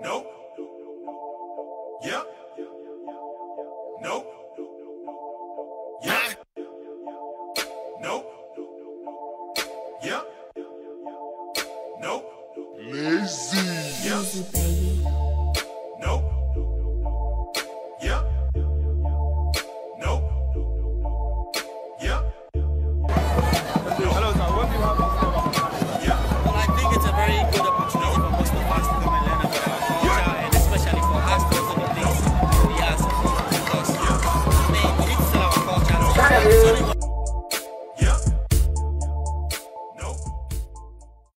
Nope. Yep. Nope. Yeah. Nope. Yep. Nope. Lazy. Lazy, baby. Thank you.